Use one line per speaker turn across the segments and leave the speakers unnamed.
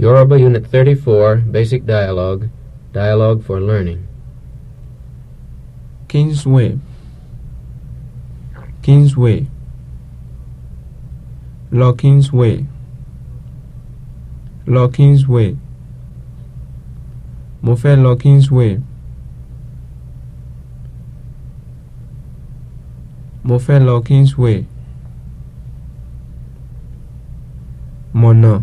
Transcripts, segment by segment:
Yoruba Unit 34, Basic Dialogue, Dialogue for Learning. Kingsway. Kingsway. Locking's Way. Locking's Way. Mofe Locking's Way. Mofe Locking's Way. Mono.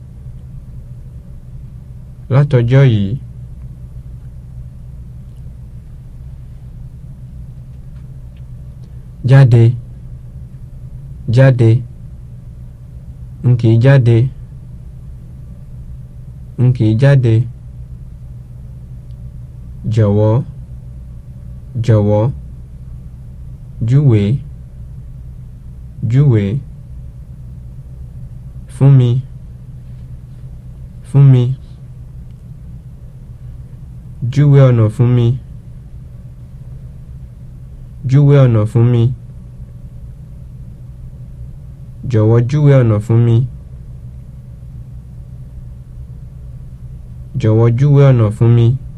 látọjọ́ yìí jáde jáde n kì í jáde n kì í jáde jọ̀wọ́ jọ̀wọ́ júwe júwe fún mi fún mi júwe ọ̀nà fún mi júwe ọ̀nà fún mi jọ̀wọ́ júwe ọ̀nà fún mi
jọ̀wọ́ júwe ọ̀nà fún mi. Jọ̀wọ́,